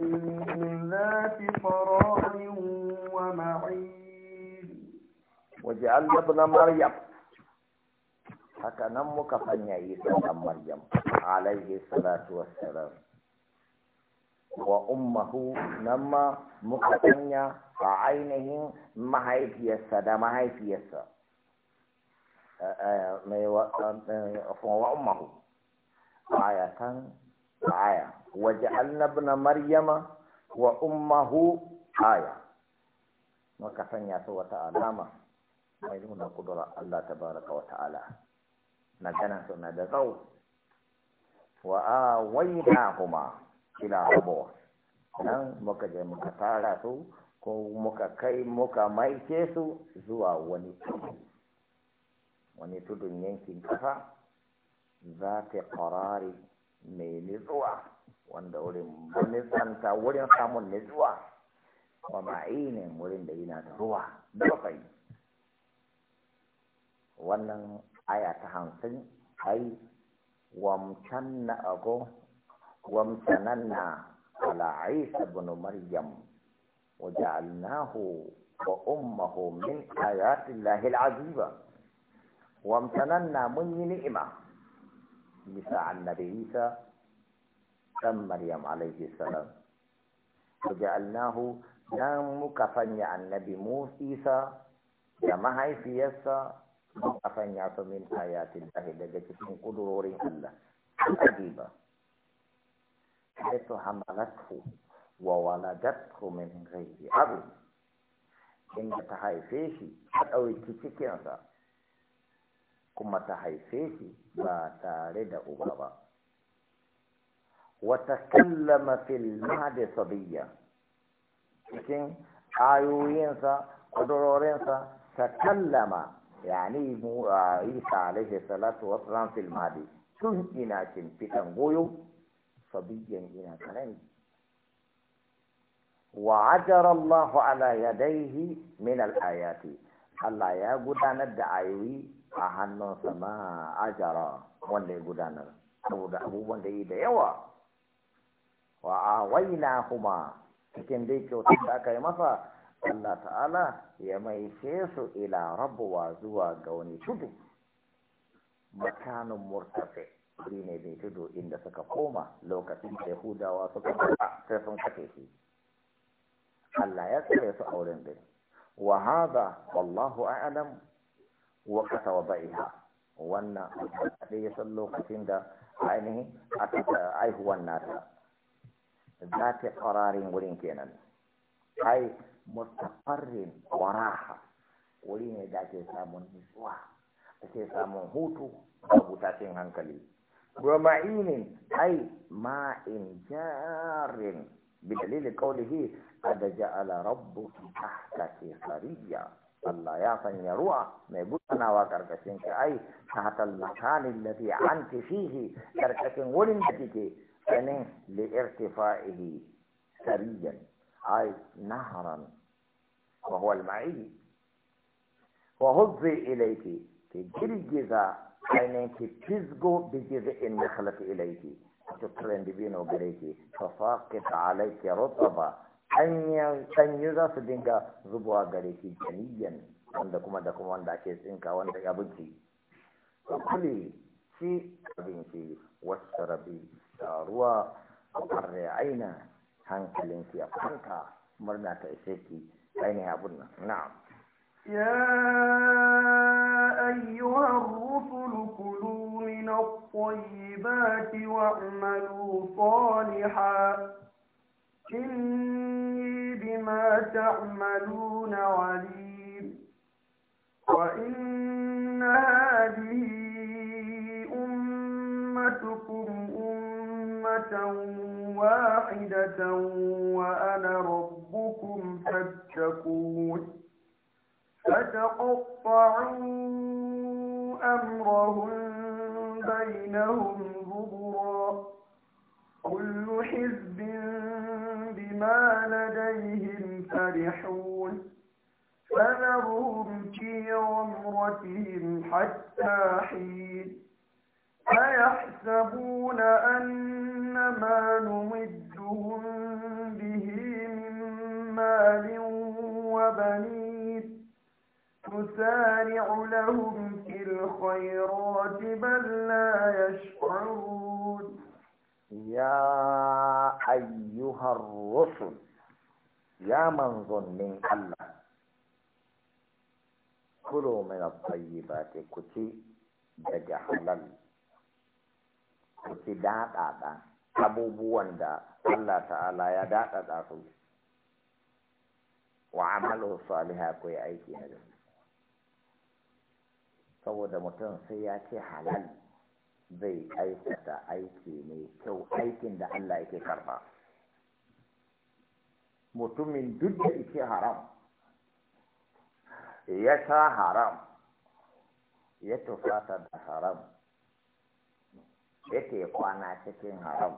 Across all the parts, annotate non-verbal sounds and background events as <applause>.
ذات فراغ ومعين وجعل ابن مريم حتى نمك فنيا مريم عليه الصلاة والسلام وأمه نما مكتنيا عينه ما هي فيسا دا ما هي فيسا آه، آه، آه، وأمه آية آية Waje waj'alna na maryama wa ummuhu aya maka sanya su wata alama mai nuna kudura Allah tabaraka wa ta'ala na ganin su da zau wa awaina huma ila rubu nan muka je muka tara su ko muka kai muka maice su zuwa wani wani tudun yankin kasa za ta karari mai nitsuwa wanda wurin manisanta wurin samun nutsuwa wa ne wurin da yana da ruwa da bakwai wannan aya ta hamsin ai Wamcan na ago wamcanan na ala'ai ibn maryam wajen alnahu wa ummuhu min ayati lahil aziba Wamcanan na mun yi ni'ima bisa annabi isa dan Maryam alaihi salam ja'alnahu dan muka sanya annabi Musa da mahaifiyarsa muka sanya su min ayatin lahi daga cikin kudurorin Allah ajiba haitu hamalatu wa waladatu min ghairi abu inda ta haife shi ta ɗauki cikinsa kuma ta haife shi ba tare da uba ba kallama fil mahdi sabiyya cikin ayoyinsa kudurorinsa takallama yani mura isa alaihi salatu wa salam fil mahdi tun ina cin fitan goyo sabiyyan ina karami wa ajara Allah ala yadaihi min al ayati Allah ya gudanar da ayoyi a hannunsa ma ajara wanda ya gudanar saboda abubuwan da yi da yawa wa waina kuma cikin dai kyautar da aka yi masa Allah ta'ala ya maishe su ila rabuwa zuwa ga wani tudu makanin murtafe wuri ne mai tudu inda suka koma lokacin da yahudawa suka koma sai sun kake shi Allah ya tsere su a wurin din wa haza wallahu a'lam wa kasa ba'iha wannan da ya san lokacin da ainihin ta aihuwan nata ذات قرار ولين كينان أي مستقر وراحة ولين ذات سامون نسوة ake samun hutu a tashin hankali ومعين أي ماء جار بدليل قوله قد جعل ربك تحتك سريا الله يا فن يروى ما يبوتنا وكركشين أي تحت المكان الذي أنت فيه كركشين ولن تكي ainihin li'irtifa'ihi sariyan ay naharan wa huwa al-ma'i wa huzzi ilayki ki girgiza ainihin ki fizgo bi jiz'in nakhlati ilayki to tren dibino gareki fa faqit alayki rutba hanyar sanyi za su dinga zubowa gare shi janiyan wanda kuma da kuma wanda ake tsinka wanda ya buki kuli shi abinci wasu rabi da ruwa ya aina hankalin ya kwanta murna ta ishe ki ainihin abun nan na'am يا أيها الرسل كلوا من الطيبات واعملوا صالحا إني بما تعملون عليم وإن هذه واحدة وأنا ربكم فاتقون فتقطعوا أمرهم بينهم زبرا كل حزب بما لديهم فرحون فذرهم في عمرتهم حتى حين أيحسبون أن ما نمدهم به من مال وبنين نسارع لهم في الخيرات بل لا يشعرون يا أيها الرسل يا من ظن الله كلوا من الطيبات كتي دجا حلال ku daɗaɗa abubuwan da Allah ta'ala ya daɗaɗa su wa amalu saliha ko ya aiki na da saboda mutum sai ya ce halal zai aikata aiki mai kyau aikin da Allah yake karba mutumin duk da yake haram ya sha haram ya tufata da haram yake kwana cikin haram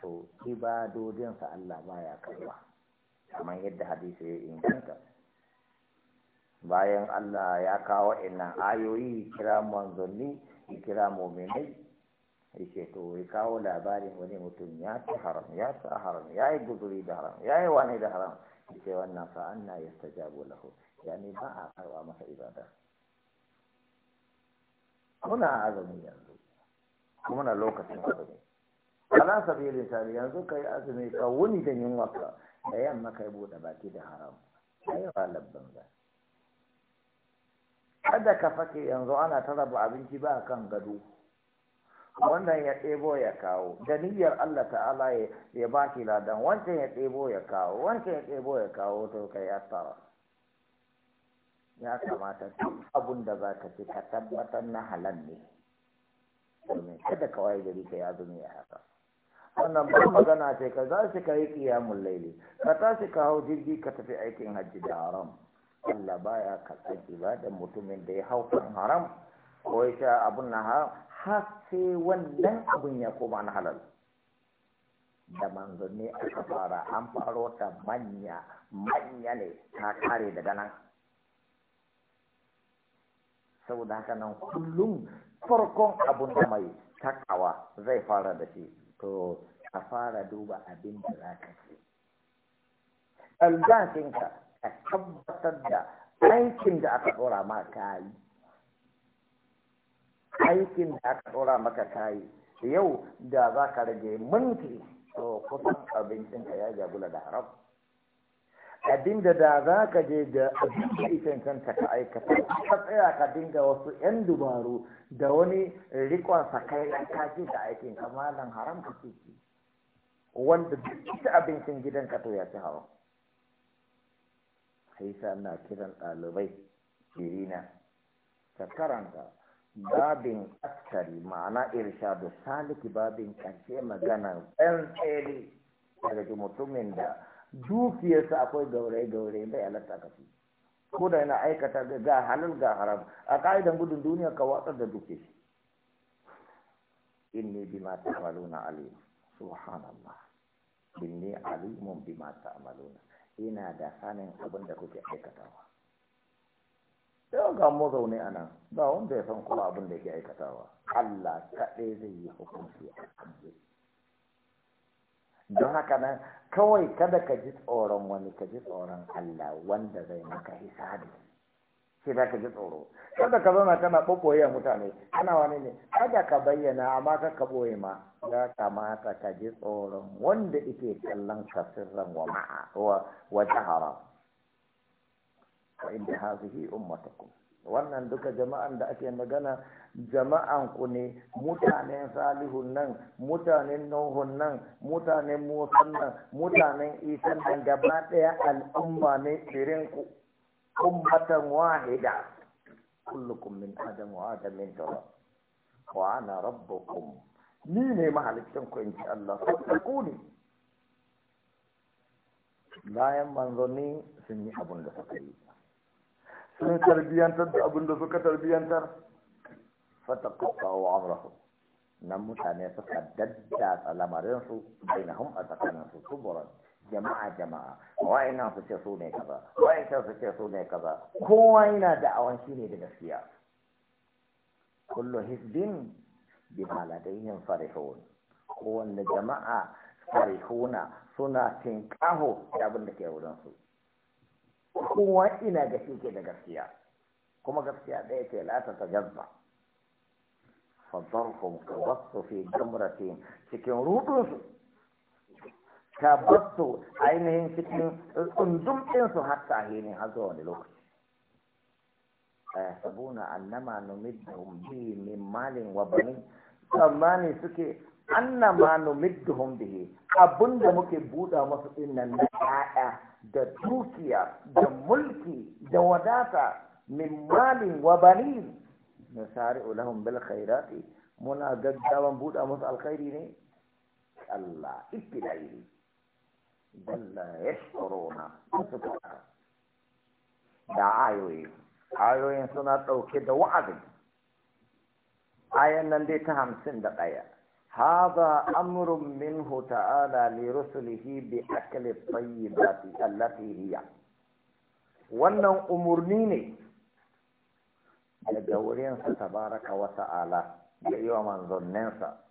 to ibadodinsa Allah baya karba kamar yadda hadisi ya inganta bayan Allah ya kawo innan ayoyi kira manzanni ya kira mominai yake to ya kawo labarin wani mutum ya ci haram ya ci haram ya yi guzuri da haram ya yi wani da haram yake wannan fa'an na ya stajabu lahu yani ba a karwa masa ibada Kuna azumi yanzu na lokacin azumi ala sabili sari yanzu kai azumi ka wuni da yin ka da yamma kai bude baki da haram sai ba labban ba kada ka fake yanzu ana ta raba abinci ba kan gado wannan ya ɗebo ya kawo da niyyar Allah ta'ala ya ba shi ladan wancan ya ɗebo ya kawo wancan ya ɗebo ya kawo to kai ya tsara ya kamata duk abun da za ka ce ka tabbatar na halal ne domin kada ka waye gari ka ya zumi haka wannan ba magana ce ka za su ka yi kiyamun laili ka tashi ka hau jirgi ka tafi aikin hajji da haram Allah baya karɓar ibadan mutumin da ya hau kan haram ko ya sha abun na haram har sai wannan abun ya koma na halal da manzanni aka fara an faro ta manya manya ne ta kare daga nan saboda haka nan kullum farkon abun da mai takawa zai fara da shi to a fara duba abin da za ka ce albashinka a tabbatar da aikin da aka ɗora ma ka yi aikin da aka ɗora maka ka yi yau da za ka rage minti to kusan abincinka ya jagula da haram abinda da za ka je da abinda ita kanta ka aikata ka tsaya ka dinga wasu 'yan dubaru da wani rikon kai ɗan kaji da aikin kamalan haram ka ciki wanda duk ita abincin gidan ka to ya ci hawa sa na kiran ɗalibai irina ta karanta babin askari ma'ana irshadu saliki babin ƙarshe magana ɗan tsere daga mutumin da dukiyarsa akwai gaurai-gaurai bai alatta ka fi ko da yana aikata ga halal ga haram a ka'idan gudun duniya ka watsar da duke shi inni bima ta'maluna alim subhanallah inni alimun bima ta'maluna ina da sanin abin da kuke aikatawa yau ga mu zaune a nan ba wanda ya san kuma abin da yake aikatawa Allah kaɗai zai yi hukunci a kan don haka nan kawai kada ka ji tsoron wani ka ji tsoron Allah wanda zai maka hisabi sai za ka ji tsoro kada ka zauna kana ɓoɓɓoye mutane kana wani ne kada ka bayyana amma ka ka ɓoye ma ya kamata ka ji tsoron wanda ike kallon ka sirran wa ma'a wa jahara wa inda hazihi ummatakum wannan duka jama'an da ake magana jama'an ku ne mutanen salihun nan mutanen nuhun nan mutanen musan nan mutanen isan nan gaba ɗaya al'umma ne irin ku ummatan wahida kullukum min adam wa adam min tara wa ana rabbukum ni ne mahalikin ku in ji Allah ku ne bayan manzanni sun yi abunda da sun tarbiyantar da abin suka tarbiyantar fata kawo amrahu nan mutane suka bai na na a tsakaninsu kuburan jama'a jama'a nan su ce su ne kaza wa'annan su ce su ne kaza kowa yana da awan shi ne da gaskiya kullu hisbin bi haladayhim farihun kowanne jama'a farihuna suna tinkaho da abin da ke wurin su kowa ina ga shi ke da gaskiya kuma gaskiya ɗaya ce lata ta gazza fadarhum ka basu fi jamratin cikin rudunsu ka basu ainihin cikin tsundum su har tahinin har zuwa wani lokaci eh, sabuna annama numiddahum bi min malin wa bani tsammani suke annama numiddahum bihi abinda muke buɗa masu ɗin nan na da dukiya da mulki da wadata min malin wa banin nasari'u lahum bil khairati muna gaggawan buɗa musu alkhairi ne Allah ibtidai dalla yashuruna su da ayoyi ayoyin suna ɗauke da wa'azi ayan nan dai ta hamsin da ɗaya هذا أمر منه تعالى لرسله بأكل الطيبات التي هي wannan umarni ne daga wurinsa tabaraka wa ta'ala da yi wa manzanninsa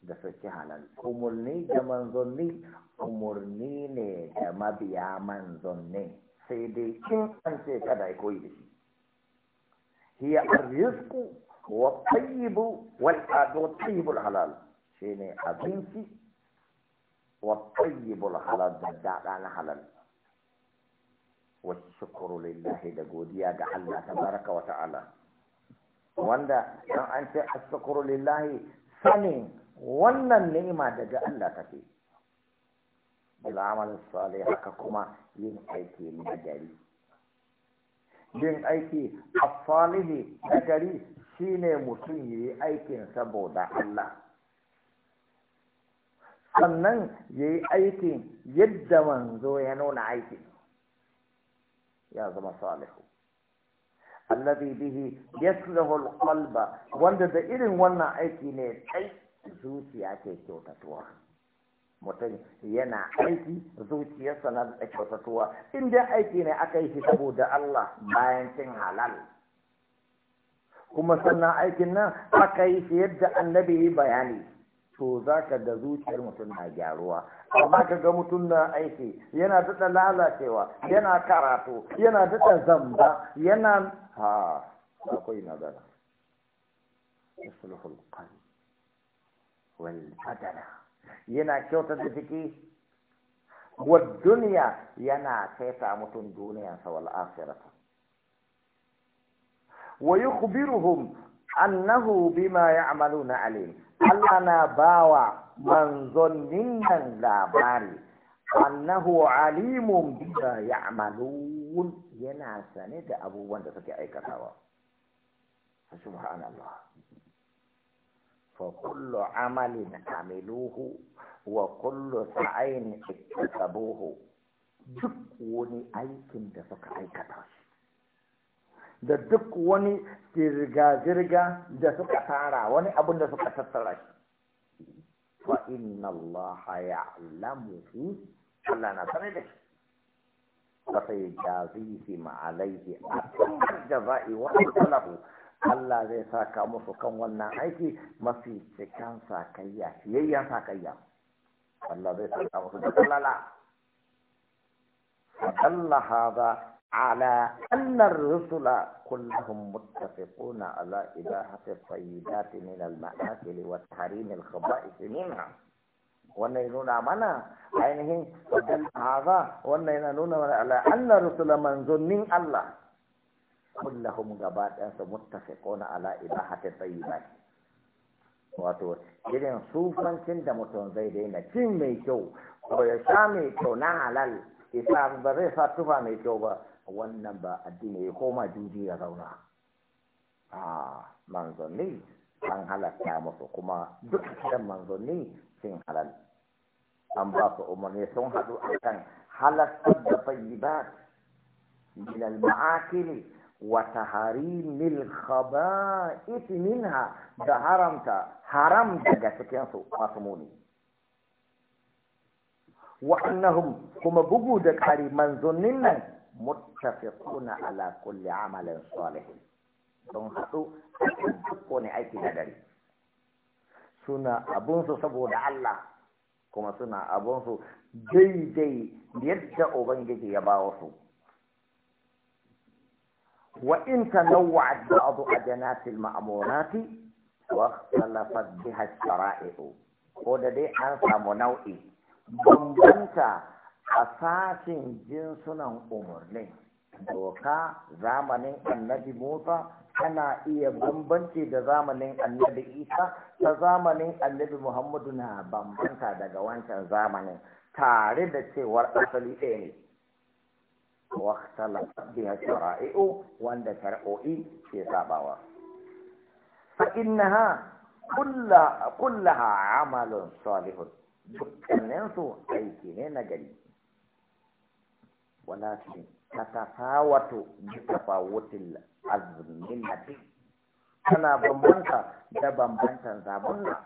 da suke halal umarni da manzanni umarni ne da mabiya manzanni sai dai kin an ce kada koyi da shi hiya arrizku wa tayyibu wal adu tayyibul halal shine abinci wa tayyibul halal da daɗa na halal wasu shukuru lillahi da godiya ga Allah ta baraka wa ta'ala wanda don an ce a shukuru lillahi sanin wannan ni'ima daga Allah ta fi amal salih haka kuma yin aiki na gari yin aiki a salih na gari shine mutum yi aikin saboda Allah sannan ya yi aikin yadda manzo ya nuna aikin ya zama salihu allazi bihi yaslahu alqalba wanda da irin wannan aiki ne tsai zuciya ke kyautatuwa mutum yana aiki zuciyarsa na da kyautatuwa in dai aiki ne aka yi shi saboda Allah bayan cin halal kuma sannan aikin nan aka yi shi yadda annabi bayani to za ka da zuciyar mutum na gyaruwa amma ka ga mutum na aiki yana daɗa lalacewa yana karatu yana daɗa zamba yana ha akwai nazara isulhul qalb wal badana yana kyauta da jiki wa duniya yana kaita mutum duniyansa wal akhirata wa yukhbiruhum annahu bima ya'maluna alim Allah na bawa manzonnin nan labari annahu alimun bima ya'malun yana sane da abubuwan da suke aikatawa subhanallah fa kullu amalin amiluhu wa kullu sa'ayin ittasabuhu duk wani aikin da suka aikata da duk wani zirga-zirga da suka tara wani abin da suka tattara shi fa inna Allah ya alamuhu Allah na sanar da shi fa sai jazihi ma'alaihi a da jaza'i wa asalahu Allah zai saka musu kan wannan aiki mafi cikan sakayya fiyayyen sakayya Allah zai saka musu da kallala Allah هذا على أن الرسل كلهم متفقون على إباحة الطيبات من المآكل وتحريم الخبائث منها wannan ya nuna mana ainihin wajen haza wannan yana nuna mana ala anna rusula manzannin Allah kullahum gaba ɗansa kona ala ibahati tayyibat wato irin sufancin da mutum zai daina cin mai kyau ko ya sha mai kyau na halal isa ba zai sa tufa mai kyau ba wannan ba addini ya koma juji ya zauna a manzanni an halatta musu kuma duk kiran manzanni sun halal an ba su umarni sun haɗu a kan halattar da fayyibat min al-ma'akili wa taharimil khaba'ith minha da haramta haram daga cikin su masu muni wa annahum kuma bugu da kari manzonin nan muttafiquna ala kulli amalin salih don haɗu a cikin aiki na dare. suna abunsu saboda Allah kuma suna abunsu daidai yadda Ubangiji ya bawo su. Wa in tanawwa'at ba'du ajanatil ma'munati wa ikhtalafat biha shara'i'u ko da dai an samu nau'i bambanta a sashin jinsunan umarnin doka zamanin annabi musa ana iya bambanci da zamanin annabi isa ta zamanin annabi muhammadu na bambanta daga wancan zamanin tare da cewar asali ɗaya ne واختلط بها شرائع وان شرعوي في صابوا فإنها amalin كلها dukkaninsu aiki ne na gari. ولكن تتفاوت بتفاوت الأزمنة أنا بمبنتا ده بمبنتا زابنا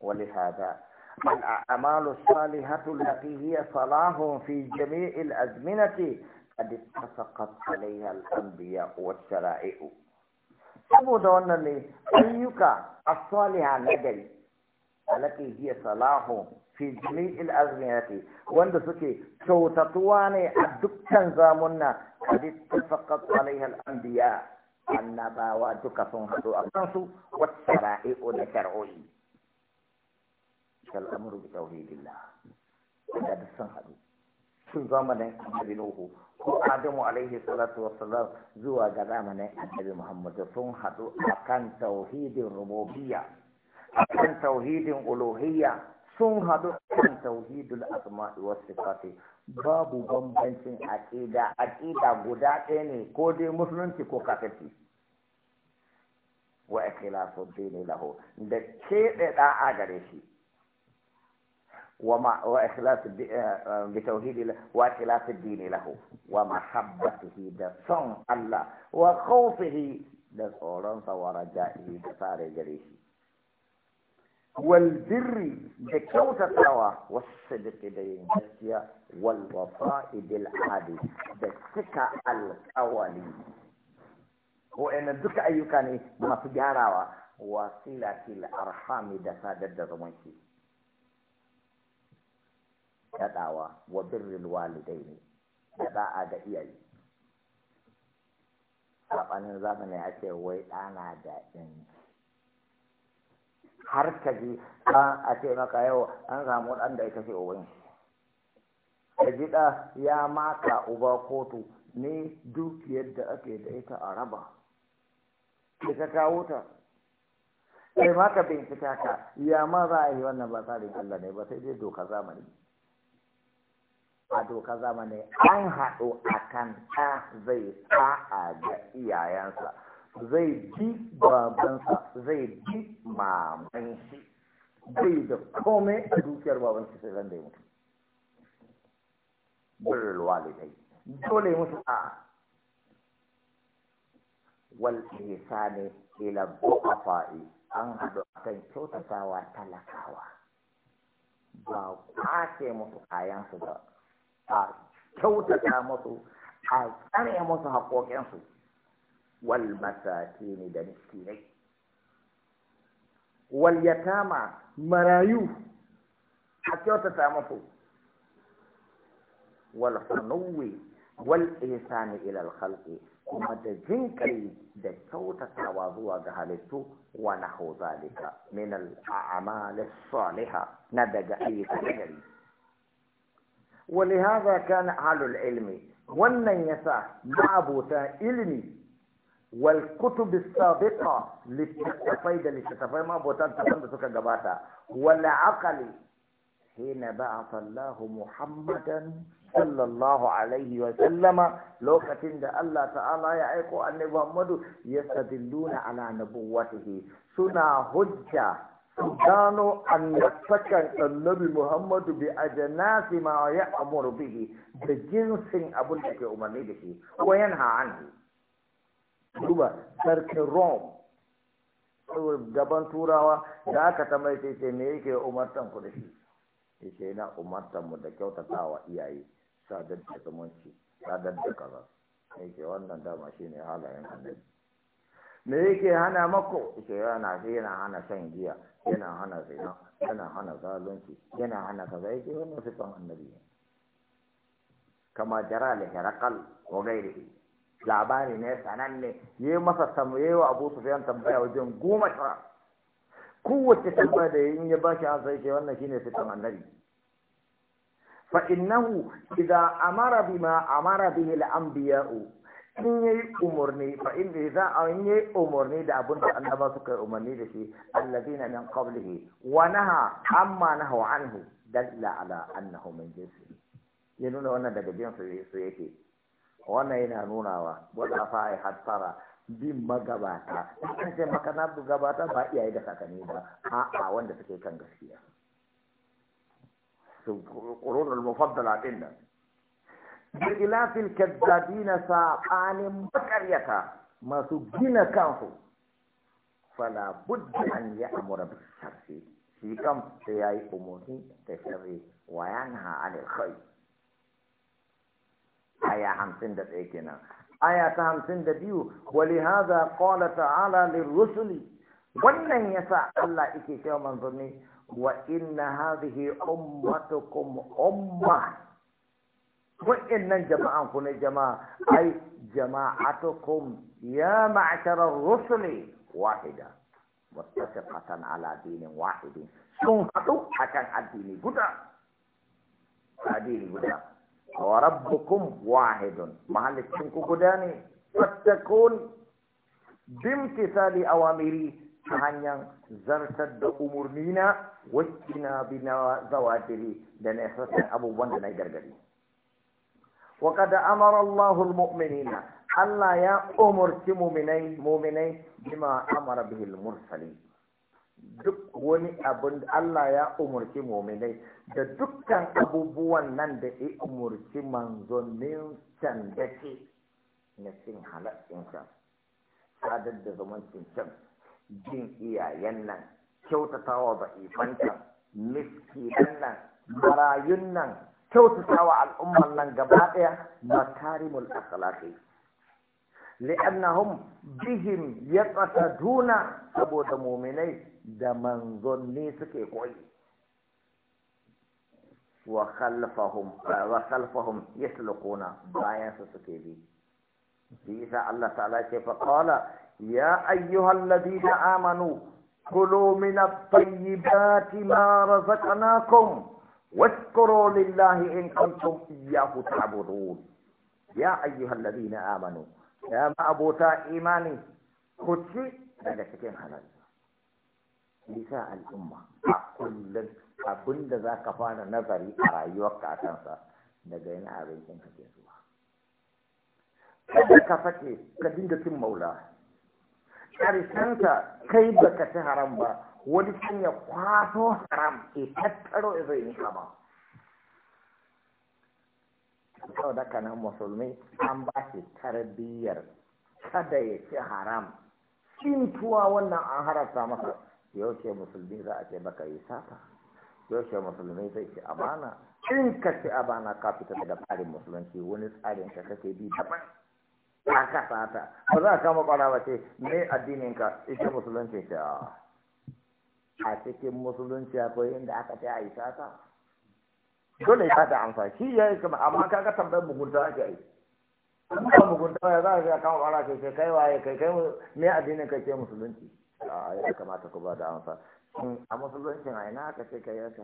ولهذا الأعمال الصالحة التي هي صلاح في جميع الأزمنة قد اتفقت عليها الأنبياء والشرائع saboda wannan أيك الصالحة as التي هي صلاح في جميع azmiyati wanda suke kyautatuwa ne a dukkan zamunna kadi tafaqat alaiha al-anbiya annabawa duka sun hadu a kansu wa sara'i'u da shar'o'i kal amru bi tauhidillah da duk sun hadu sun zamanin annabi nuhu ko adamu alaihi salatu wassalam zuwa ga zamanin annabi muhammadu sun hadu akan tauhidin rububiyya akan tauhidin uluhiyya sun haɗu kan tauhidul asma'i wasu sifati babu bambancin aqida aqida guda ɗaya ne ko dai musulunci ko kafirci wa ikhlasu dini lahu da keɓe da'a gare shi wa ikhlasu eh, eh, bi tauhidi wa ikhlasu dini lahu wa mahabbatihi da son Allah wa khawfihi da tsoron sa wa da sare gare shi walbirri da kyautatawa wasu da yin gaskiya walwafa idil adi da cika alƙawari. ko ina duka ayyuka ne masu gyarawa wasila til arhami da sadar da zamanki kadawa wa walidaini da ba'a da iyaye sabanin zamani ake wai dana da inda har ka ji a ce maka yau an samu ɗan da ita kashe uban ya ji ɗa ya maka uba kotu ne duk yadda ake da ita a raba ke ka kawo ta sai maka bincika ka ya ma za a yi wannan ba tsarin Allah ne ba sai dai doka zamani a doka zamani an haɗu akan ɗa zai sa'a ga iyayensa zai ji babansa zai ji maman shi bai da komai a dukiyar babansa sai zan da yi mutu birrul dole musu mutu a wal ne ila fa'i an a kan kyautatawa talakawa ba kwace musu kayansu ba a kyautata musu a tsare musu haƙoƙinsu والمساكين دا مسكيني واليتامى مرايو حكيوتا تامتو والحنو والإحسان إلى الخلق kuma da jinkari da kyautatawa zuwa ga halittu wa na zalika min al'amalis saliha na daga ayyuka gari wani haza kana halul ilmi wannan yasa ma'abota ilimi wal kutub as-sabiqa littafai da littafai ma botan da suka gabata wal aqli hina ba'atha Allah lokacin da Allah ta'ala ya aiko annabi Muhammadu yastadilluna ala nubuwwatihi suna hujja gano annabtakan annabi Muhammadu bi da jinsin umarni da ko duba sarkin rome gaban turawa da aka tambaye ce ce me yake umartan ku da shi ya ce yana umartan mu da kyautatawa iyaye sadar da zumunci sadar da kaza me yake wannan dama shi ne halayen annabi me yake hana mako ce yana yana hana shan giya yana hana zina yana hana zalunci yana hana kaza yake wannan sifan annabi kama jara da herakal wa gairihi labari ne sananne yi masa samuye wa abu sufiyan tambaya wajen goma sha kowace tambaya da in ya bashi an sai ce wannan shine fitan annabi fa innahu idza amara bima amara bihi al-anbiya'u in yayi umurni fa in idza an yayi umurni da abin da annaba suka yi umarni da shi alladina min qablihi wa naha amma nahu anhu dalla ala annahu min jinsi ya nuna wannan daga jinsu su yake wannan yana nunawa wadda fa yi hattara bin magabata kan ce maka na gabata ba iyaye da kakanni ba a'a wanda suke kan gaskiya su qurunul mufaddala din nan bilafil na saɓanin makaryata masu gina kansu fala budda an ya'mura bis sharri shi kam ta yayi umurni da sharri wa yanha anil khair aya hamsin da ɗaya kenan aya ta hamsin da biyu wali haza qala ta'ala lirrusuli wannan yasa Allah yake cewa manzanni wa inna hadhihi ummatukum umma wa'annan jama'an ku ne jama'a ai jama'atukum ya ma'sharar rusuli wahida muttafiqatan ala dinin wahidin sun haɗu akan addini guda addini guda wa rabbukum wahidun mahalicin ku guda ne fattakun bimtisali awamiri ta hanyar zartar da umurnina wakina bina zawadiri da na sassan abubuwan da na gargadi wa kada amara al mu'minina Allah ya umurci muminai muminai bima amara bihil mursalin duk wani abin Allah ya umarci muminai da dukkan abubuwan nan da ya umurci manzonin can da ke na cin halaccin can sadar da zumuncin can jin iyayen nan kyautata kyautatawa ba'ifan can miskinan nan marayun nan kyautata wa al'umman nan gaba ɗaya makarimul akhlaqi لأنهم بهم يقصدون أبو المؤمنين دمن ظني سكي قوي وخلفهم وخلفهم يسلقون بايا سكي بي بإذا الله تعالى قال يا أيها الذين آمنوا كلوا من الطيبات ما رزقناكم واشكروا لله إن كنتم إياه تعبدون يا أيها الذين آمنوا ya ma abota imani kuci daga cikin halal nisa al'umma a kullum abin da za ka fara nazari a rayuwar ka kansa daga yana abincin ka ke zuwa kada ka sake ka dinga cin maula ƙarshenta kai baka ci haram ba wani can ya haram ke tattaro zai yi kama sau da musulmi an ba shi tarbiyyar kada ya ci haram cintuwa wannan an harasa masa yaushe musulmi za a ce baka yi sata yaushe musulmi zai ci amana in ka ci amana ka fita daga tsarin musulunci wani tsarin ka kake bi daban ba ka sata ba za a kama kwara ba ce me addinin ka ita musulunci ce ah, a cikin musulunci akwai inda aka ce a yi sata dole ya da amsa shi ya yi kama amma kaga tambayar mugunta ake yi amma mugunta ya za ga kama bara kai kai kai waye kai kai me addinin kai ke musulunci a ya kamata ku ba da amsa a musuluncin a ina aka ce kai yaka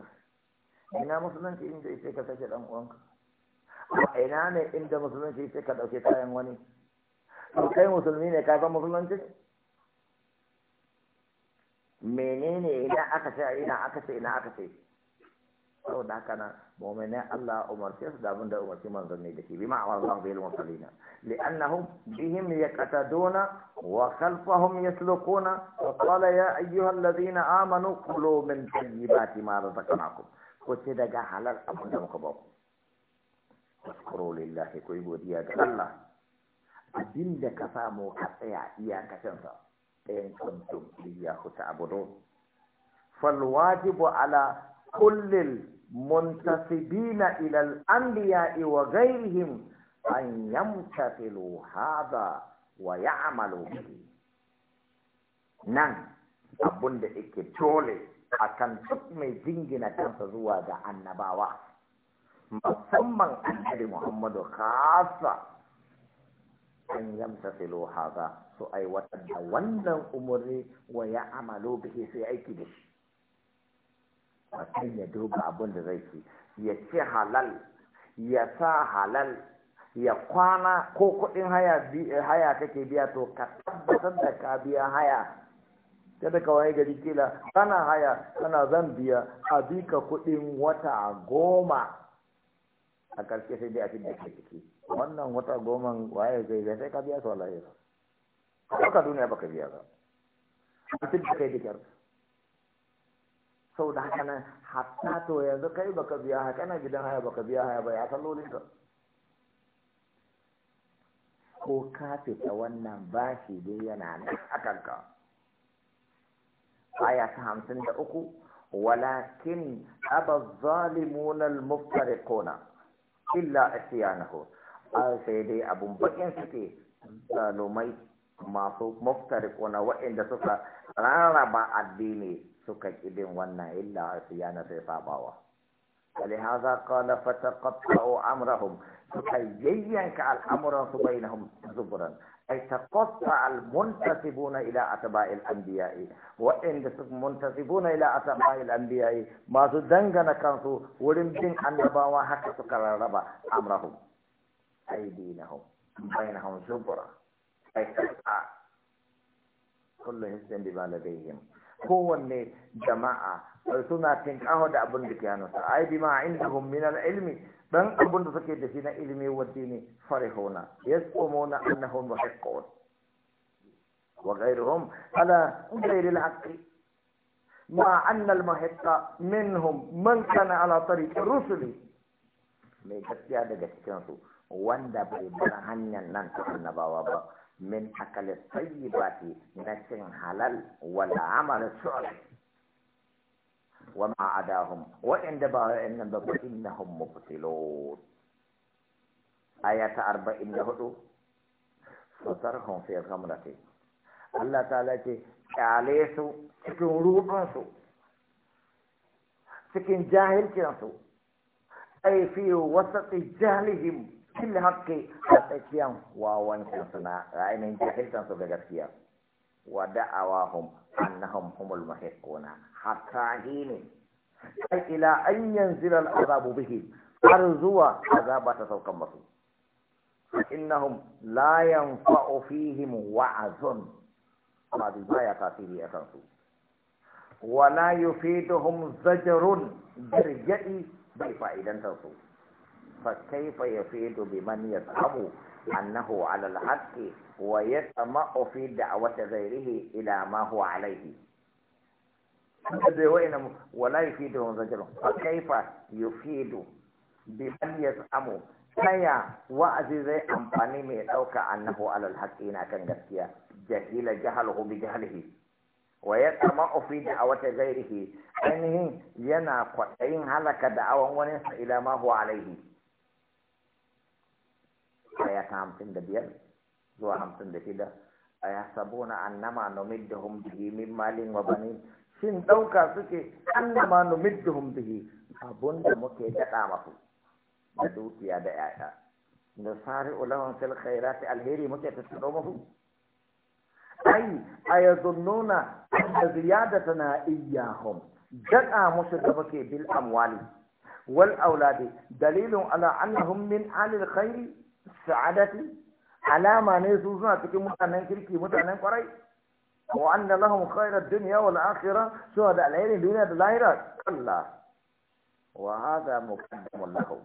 ina musulunci inda ya ka sake dan uwanka a ina ne inda musulunci ya ka dauke kayan wani to kai musulmi ne ka san musulunci menene ina aka ce ina aka ce ina aka ce saboda haka nan mu'minin Allah umarce su da abin da umarci manzanni da shi bima wa Allah bil mursalina li'annahum bihim yaqtaduna wa khalfahum yaslukuna wa qala ya ayyuhalladhina amanu kulu min tayyibati ma razaqnakum ko ce daga halal abin da muka ba ku tashkuru lillahi ku yi godiya ga Allah abin da ka samu ka tsaya iyakacin sa in kuntum iyyahu ta'budun fal wajibu ala kullil muntasibina ila al-anbiya'i wa ghayrihim an yamtasilu hadha wa ya'malu nan abun da yake dole akan duk mai jingina kansa zuwa ga annabawa musamman annabi Muhammadu kasa. an yamtasilu hadha su aiwatar da wannan umarni wa ya'malu bihi sai aiki da shi mutum ya duba abin da zai ci ya ci halal ya sa halal ya kwana ko kuɗin haya kake biya to ka tabbatar da ka biya haya kada ka wani gari kila kana haya kana zan biya a bi ka kuɗin wata goma a karshe sai dai a cikin da ciki wannan wata goma waye zai zai sai ka biya su wallahi ba ko ka duniya baka biya ba a cikin da kai da kyar sau da haka nan hatta to yanzu kai baka biya haka na gidan haya baka biya haya ba ya sallolin ka ko ka fita wannan bashi dai yana nan a kanka aya ta hamsin da uku walakin aba zalimuna almuftariquna illa asyanahu sai dai abun bakin suke zalumai masu muftariquna waɗanda suka rarraba addini suka ƙi bin wannan illa har su yana sai sabawa kali ha za ka lafata kwatsa'o amurahun suka yayyanka al'amuran su bai na zuburan ai ta kwatsa almunta ila a taba il'ambiyayi waɗanda su munta sibuna ila a taba il'ambiyayi masu dangana kansu wurin bin annabawa haka suka rarraba amurahun ai dinahun bai na hun zubura ai kullum hisbin bi ba kowanne jama'a suna tinkaho da abin da ke hannunsa ai bi ma indahum min al-ilmi dan abin da suke da shi na ilimi wa dini farihuna yasqumuna annahum muhiqqun wa ghayruhum ala ghayri al-haqq ma anna al-muhiqqa minhum man kana ala tariq rusuli mai gaskiya daga cikin su wanda bai bar hanyar nan ta annabawa ba من أكل الطيبات نسن حلال والعمل صالح وما عداهم وإن دبا إن إنهم مبطلون آيات أربع إن هدو فترهم في الغمرة الله تعالى كي عليه cikin rubansu جاهل jahilcinsu أي في وسط جهلهم cin haqqi a tsakiyan wawancin su na ainihin jahilcin su ga gaskiya wa da'awahum annahum humul muhiqquna hatta hini ila an yanzila al'azabu bihi har zuwa azaba ta saukan masu innahum la yanfa'u fihim wa'azun ma bi baya tasiri kansu. su wala yufiduhum zajrun birja'i bai fa'idantar su فكيف يفيد بمن يزعم أنه على الحق ويطمع في دعوة غيره إلى ما هو عليه ولا يفيدهم زجر فكيف يفيد بمن يزعم تيا وأزيز أمباني من أوكا أنه على الحق إنا كان جسيا جهل جهله بجهله wa ya tsama ofi da a wata gairihi ainihin yana kwaɗayin halaka da awon wani ila ma huwa alaihi aya ta hamsin da biyar zuwa hamsin da shida a ya sabona annama numiddahum bihi min malin wa banin shin ɗauka suke annama numiddahum bihi abun da muke daɗa masu da dukiya da ƴaƴa da sari ulawan fil khairati alheri muke tsaro musu ai ayazunnuna na ziyadatana iyyahum daɗa musu da muke bil amwali wal auladi dalilun ala annahum min alil khairi sa'adati alama ne su suna cikin mutanen kirki mutanen kwarai wa anna lahum khairat dunya wal akhirah suna da alheri dunya da lahira kalla wa hadha muqaddam lahum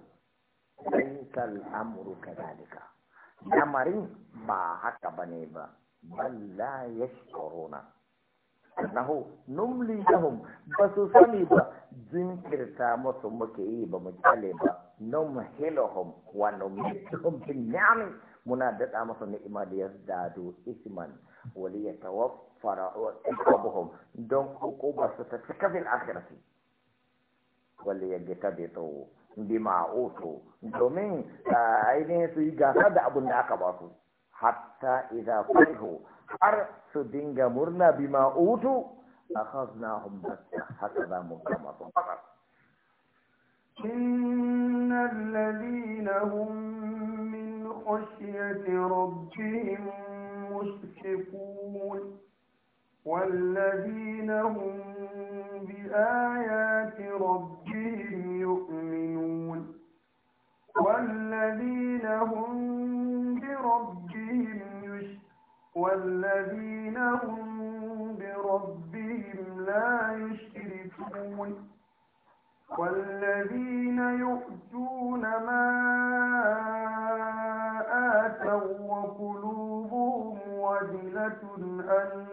laysa al-amru kadhalika lamarin ba haka bane ba bal la yashuruna annahu numli lahum basu sani ba jinkirta musu muke yi ba mu kyale ba نم هلوهم ونم يتهم <laughs> بنعم منادت أمس نعمة يزدادوا إثما وليتوب فرعوا إثبهم دون كوكوبا ستتك في الآخرة وليجتبطوا بما أوتوا دومين أيدين آه، سيجا هذا أبو ناكا باسو حتى إذا فرحوا حر سدينجا مرنا بما أوتوا أخذناهم بس حسب مكامة فقط إن الذين هم من خشية ربهم مشفقون والذين هم بآيات ربهم يؤمنون والذين هم بربهم يش والذين هم بربهم لا يشركون والذين يؤتون ما آتوا وقلوبهم وجلة أن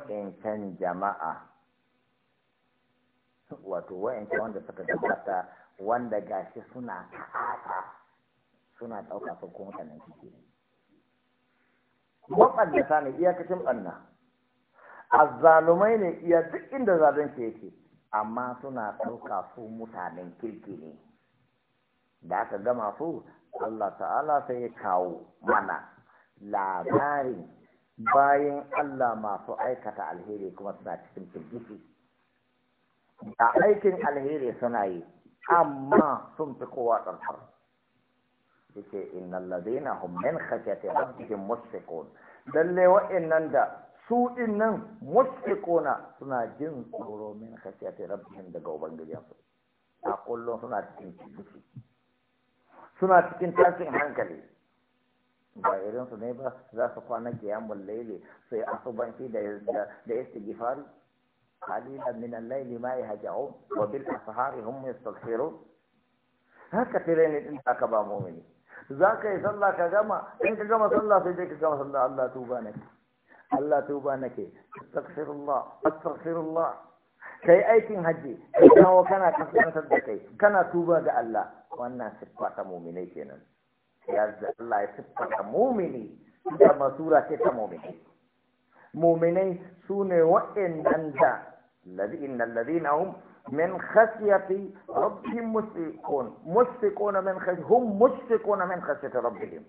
Waɗancan jama'a wato wa'incan wanda suka gabata wanda gashi suna ta'ata suna ɗauka su kuma kanan ciki maɓallata ne iyakacin ɓanna A zalumai ne iya duk inda ke yake amma suna ɗauka su mutanen kirki ne da aka gama su Allah ta'ala sai ya kawo mana labarin bayan Allah masu aikata alheri kuma suna cikin firgici a aikin alheri suna yi amma sun fi kowa tsarkar yake inna allazina hum min khashyati cikin mushfiqun lalle wa'annan da su din nan na, suna jin tsoro min khashyati rabbihim daga ubangijin a kullum suna cikin firgici suna cikin tashin hankali ba irin su ne ba za su kwana kiyamun laili sai asubanci da da istighfari qalilan min al-layli ma yahja'un wa bil ashari hum yastaghfirun haka tare ne din aka ba mu'mini za ka yi sallah ka gama in ka gama sallah sai dai ka gama sallah Allah tuba nake Allah tuba nake astaghfirullah astaghfirullah kai aikin hajji kai kawo kana kasantar da kai kana tuba ga Allah wannan siffa ta mu'minai kenan yadda Allah ya الذين الذين هم من خشية ربهم مشفقون مشفقون من خشية هم مشفقون من خشية ربهم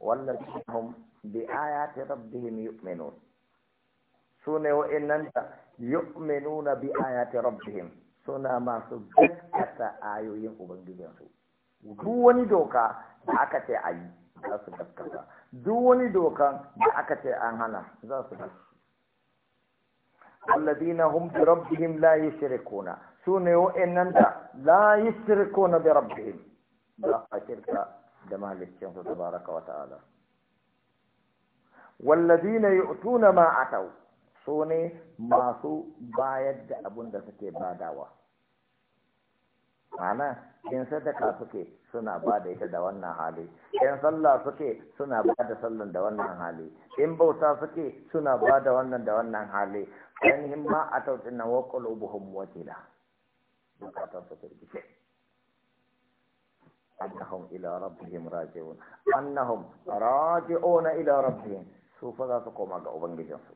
والذين هم بآيات ربهم يؤمنون سنة وإن أنت يؤمنون بآيات ربهم سنة ما سبكت آيوين أبنجدين سوء duk wani doka da aka ce a yi za su gaskata duk wani dokan da aka ce an hana za su gaskata alladina hum bi rabbihim la yushrikuna sune wa'annan da la yushrikuna bi rabbihim ba a shirka da malikin su tabaraka wa ta'ala walladina yu'tuna ma atau sune masu bayar da abun da suke badawa ma'ana in sadaka suke suna ba da ita da wannan hali in sallah suke suna ba da sallan da wannan hali in bauta suke suna ba da wannan da wannan hali in ma a tautin nan wa qulubuhum wajila bukatan su firgice annahum ila rabbihim raji'un annahum raji'una ila rabbihim su fa za su koma ga ubangijinsu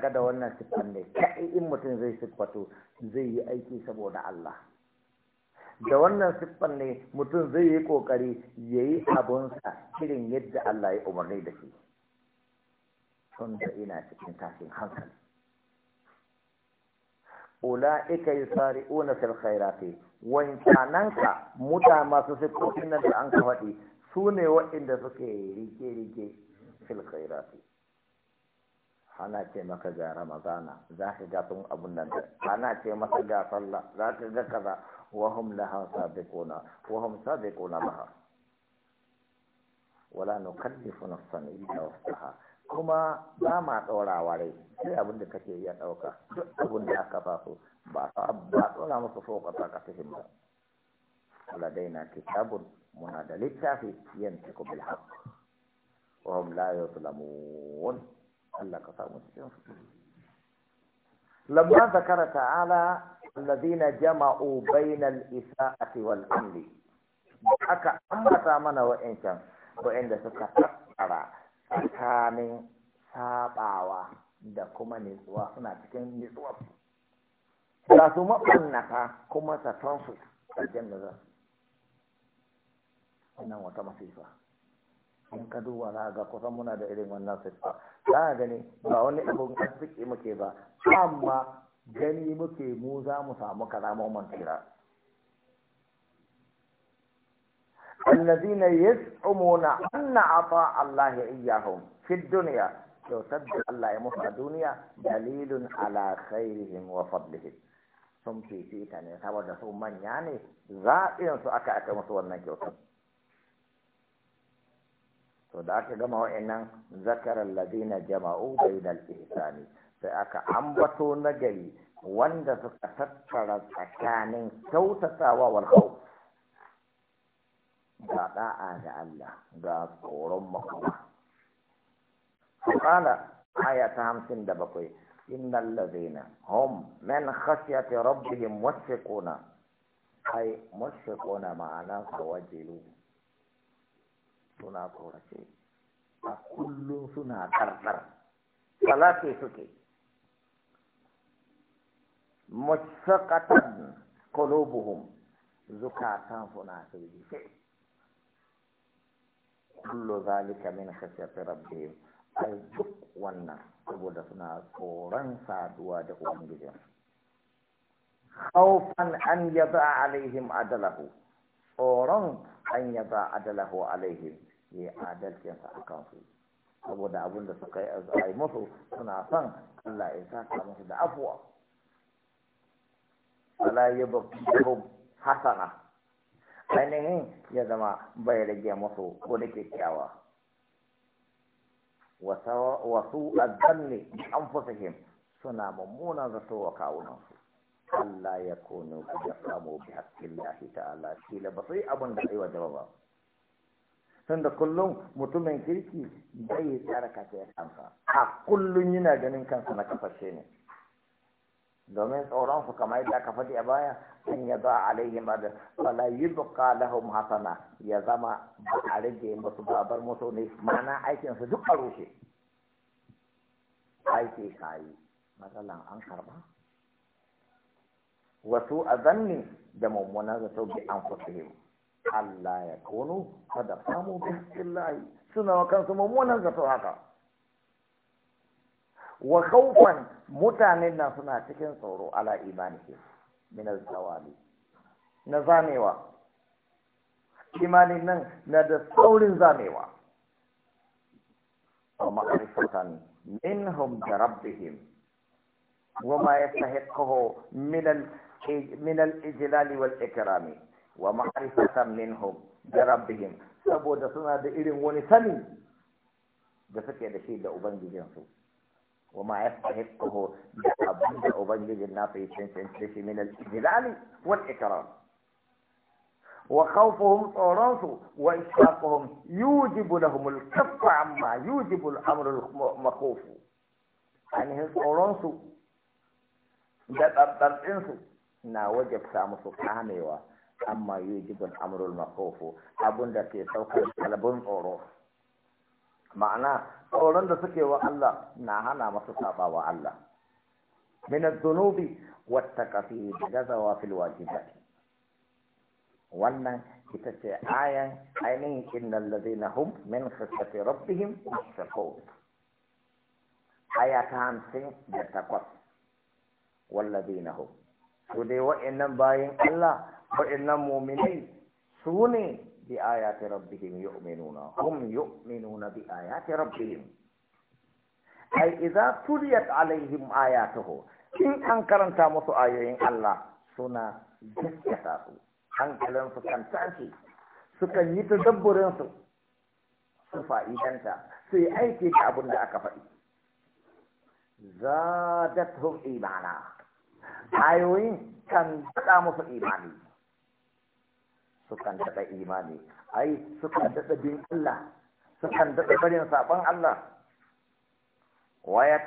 ga da wannan siffar ne kai in mutum zai siffato zai yi aiki saboda Allah da wannan siffar ne mutum zai yi kokari ya yi abunsa irin yadda Allah ya umarni da shi sun da ina cikin tashin hankali ula'ika yusari'una fil khairati wancananka muta masu siffofin nan da an ka faɗi su ne waɗanda suke rike-rike fil khairati ana ce maka ga ramadana za ka ga sun abun nan da ana ce maka ga sallah za ka ga kaza wa hum laha sabiquna wa hum sabiquna maha wala nukallifu nafsan illa wusaha kuma ba ma ɗorawa rai sai abin da kake iya ɗauka duk abin da aka ba su ba ba ɗora musu foka ta kasihin ba daina kitabun muna da littafi yantiku bil haqq wa hum la yuzlamun Allah ka samu cikin su lamma zakara ta'ala alladhina jama'u bainal isa'ati wal amli aka ambata mana wa'ancan wa'anda suka tattara tsakanin sabawa da kuma nitsuwa suna cikin nitsuwa za su maɓannaka kuma satonsu aljanna za wannan wata masifa in ka duba na ga kusan muna da irin wannan siffa za a gani ba wani abin arziki muke ba amma gani muke mu za mu samu karamomin tsira الذين يزعمون أن عطاء الله إياهم في الدنيا kyautar da Allah ya musu a duniya dalilun ala khairihim wa fadlihim sun fifita ne saboda su manya ne zaɓin su aka aka musu wannan kyautar to da aka gama wa'annan zakarar ladina jama'u bainal ihsani sai aka ambato nagari wanda suka tattara tsakanin kyautatawa wal khawf da da'a ga Allah ga tsoron makawa qala aya ta hamsin da bakwai innal ladina hum man khashiyati rabbihim mushfiquna ay mushfiquna ma'ana wajilu suna korace a kullum suna ɗarɗar salate suke musakatan kolobuhun zukatan suna sai kullu zalika min khashyati rabbihim ai duk wannan saboda suna tsoron saduwa da ubangijin khawfan an yada alaihim adalahu tsoron an yada adalahu alaihim ya adalcinsa a kansu saboda abin da suka yi a musu suna son Allah ya saka musu da afuwa Allah ya babu hasana ainihin ya zama bai rage musu ko da kyakkyawa wasu azzanni an fusahim suna mummunan zato wa kawunansu Allah ya kone ku da samu bi haƙƙin lahi ta'ala kila ba su yi abin da aiwa jaba ba tunda kullum mutumin kirki bai tsarkake kansa a kullum yana ganin kansa na kafashe ne domin tsoron su kamar yadda aka faɗi a baya an ya za alaihim da wala yubqa lahum hasana ya zama ba a rage musu babar musu ne ma'ana aikin su duk a rushe aiki yi matsalan an karba wasu azanni da mummunan zato bi an fusihim Allah ya kono kada samu bin layi suna wa kansu mummunan zato haka wa khawfan mutanen na suna cikin tsoro ala imanihim min al zawali na zamewa imanin nan na da saurin zamewa wa ma'rifatan minhum da rabbihim wa ma yastahiqquhu min al ijlali wal ikrami wa ma'rifatan minhum da rabbihim saboda suna da irin wani sani da suke da shi da ubangijinsu wa ma yastahiqquhu da abin da ubangijin nasu ya cancanci shi min al-ijlal wal ikram wa khawfuhum tsoronsu wa ishaquhum yujibu lahum al-kaffa amma yujibu al-amr al-makhuf ainihin tsoronsu da tsantsantinsu na wajabta musu kamewa أما يجب الامر المخوف ابون دك توك طلبون اورو معنى اورن ده سكي الله نها نما سبا وا الله من الذنوب والتكفي جزا في الواجبات وأنا كِتَتَ آيَةً أَيْنِي إِنَّ الَّذِينَ هُمْ مِنْ خِسَّةِ رَبِّهِمْ مُشْفَقُونَ آية كان سين يتقص والذين هم سودي وإنن باين الله wa'annan mu'minai su ne bi ayati rabbihim yu'minuna hum yu'minuna bi ayati rabbihim ai idza tuliyat alaihim ayatuhu in an karanta musu ayoyin Allah suna gaskata su hankalin su kan tashi sukan yi tadabburin su su fa'idanta su yi aiki da abin da aka faɗi zadatuhum imana ayoyin kan daɗa musu imani sukan daɗa imani ai sukan daɗa bin Allah sukan daɗa barin saɓon Allah wa ya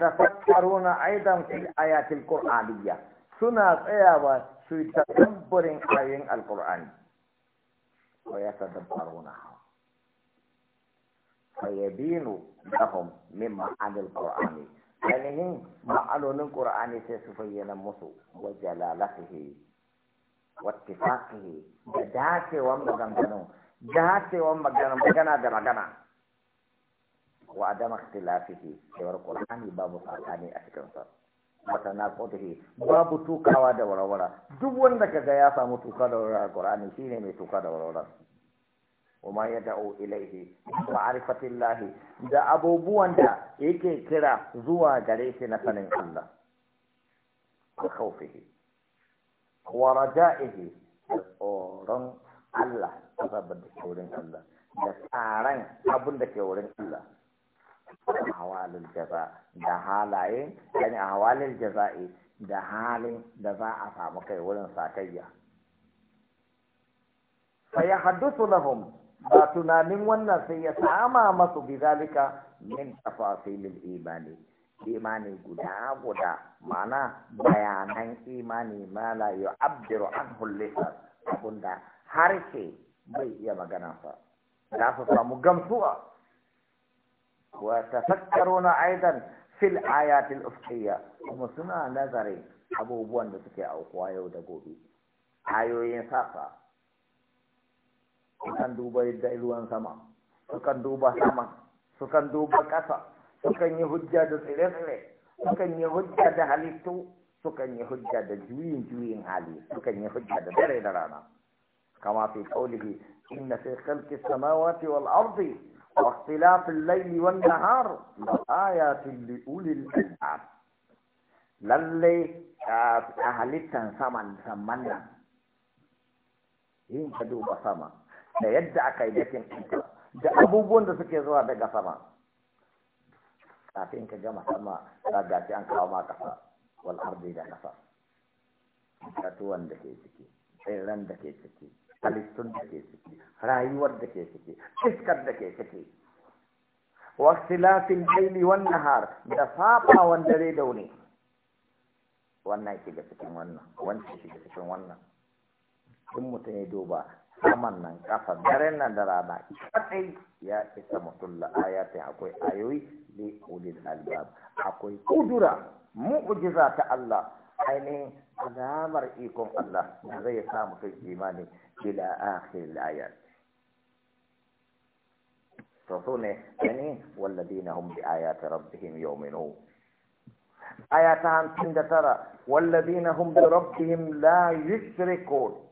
na aidan fi ayatul qur'aniyya suna tsayawa su tadabburin ayoyin alqur'ani wa ya tadabbaruna fa binu lahum min ma'anil qur'ani ainihin ma'anonin qur'ani sai su fayyana musu wa jalalatihi wattifaqihi da dacewan maganganu dacewan magana magana da magana wa adam ikhtilafihi cewar qur'ani babu sakani a cikin sa wata na babu tukawa da warwara duk wanda kaga ya samu tuka da warwara qur'ani shine mai tuka da warwara وما يدعو إليه معرفة الله ده أبو بواندا يكي كرا زوا جريس نفن الله وخوفه waraja'ihi da tsoron Allah sabab da ke wurin Allah da tsaran abin da ke wurin Allah hawalin jaza da halaye yani hawalin jaza'i da halin da za a samu kai wurin sakayya fa ya lahum ba tunanin wannan sai ya sama masu zalika min tafasilil imani imani guda guda mana bayanan imani ma la abdiru anhu lisan abunda harshe bai iya magana sa za su samu gamsuwa wa tafakkaruna aidan fil ayatil ufqiyya kuma suna nazari abubuwan da suke aukuwa yau da gobe ayoyin safa sukan duba yadda ruwan sama sukan duba sama sukan duba ƙasa sukan yi hujja da tsire-tsire sukan yi hujja da halittu sukan yi hujja da juyin juyin hali sukan yi hujja da dare da rana kama fi in inna fi khalqi samawati wal ardi wa ikhtilafi al-layli wan nahar ayatin li ulil albab lalle a halittan saman samman nan yin ka duba sama da yadda aka yi dakin da abubuwan da suke zuwa daga sama kafin ka gama sama ka gaci an kawo ma wal ardi da kasa katuwan da ke ciki tsirran da ke ciki halittun da ke ciki rayuwar da ke ciki iskar da ke ciki waktilafin daili wan nahar da fafawan dare da wuni wannan shiga cikin wannan wancan shiga cikin wannan in mutum ya duba saman nan kafa daren nan da rana ya isa mutum la akwai ayoyi لأولي الألباب أقول قدرة معجزة الله أيني أنا إيكم الله زي سام في الإيمان إلى آخر الآيات تصوني يعني والذين هم بآيات ربهم يؤمنون آياتهم تند ترى والذين هم بربهم لا يشركون